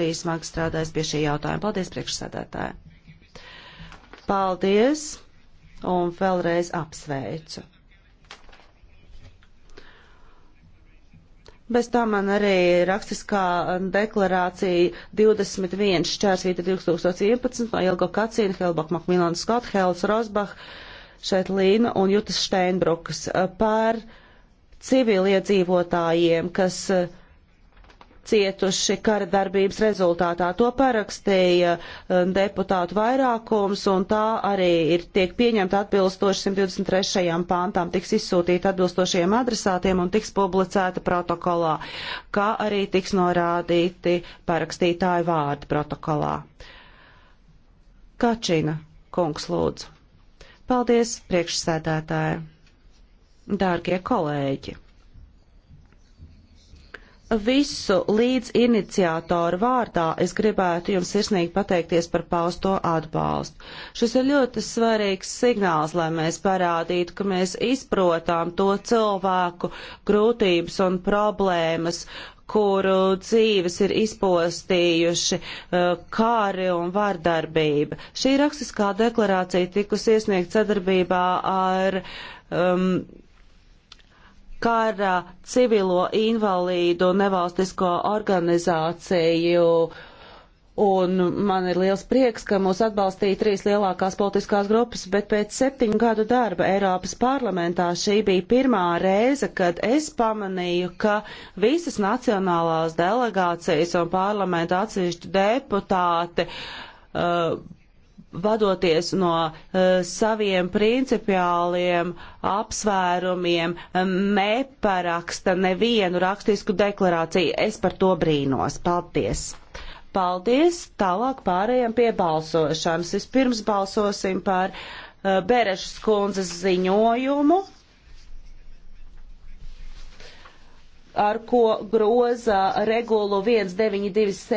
arī smagi strādājis pie šī jautājuma. Paldies, priekšsēdētāji! Paldies un vēlreiz apsveicu! Bez tā man arī rakstiskā deklarācija 21 šķērsvīta 2011 no Ilgo Kacīna, Helbak Makmilona Skot, Hels Rosbach, šeit Līna un Jutas Steinbrukas par civiliedzīvotājiem, kas uh, cietuši kara darbības rezultātā. To parakstīja um, deputātu vairākums, un tā arī ir tiek pieņemta atbilstoši 123. pāntām, tiks izsūtīta atbilstošiem adresātiem un tiks publicēta protokolā, kā arī tiks norādīti parakstītāju vārdi protokolā. Kačina, kungs lūdzu. Paldies, priekšsēdētāji. Dārgie kolēģi! visu līdz iniciātoru vārdā es gribētu jums sirsnīgi pateikties par pausto atbalstu. Šis ir ļoti svarīgs signāls, lai mēs parādītu, ka mēs izprotām to cilvēku grūtības un problēmas, kuru dzīves ir izpostījuši uh, kāri un vardarbība. Šī rakstiskā deklarācija tikus iesniegt sadarbībā ar um, kara civilo invalīdu nevalstisko organizāciju. Un man ir liels prieks, ka mūs atbalstīja trīs lielākās politiskās grupas, bet pēc septiņu gadu darba Eiropas parlamentā šī bija pirmā reize, kad es pamanīju, ka visas nacionālās delegācijas un parlamenta atsevišķu deputāti uh, vadoties no uh, saviem principiāliem apsvērumiem, eh, neparaksta nevienu rakstisku deklarāciju. Es par to brīnos. Paldies! Paldies! Tālāk pārējām pie balsošanas. Vispirms balsosim par uh, Berešas kundzes ziņojumu. ar ko groza regulu 1927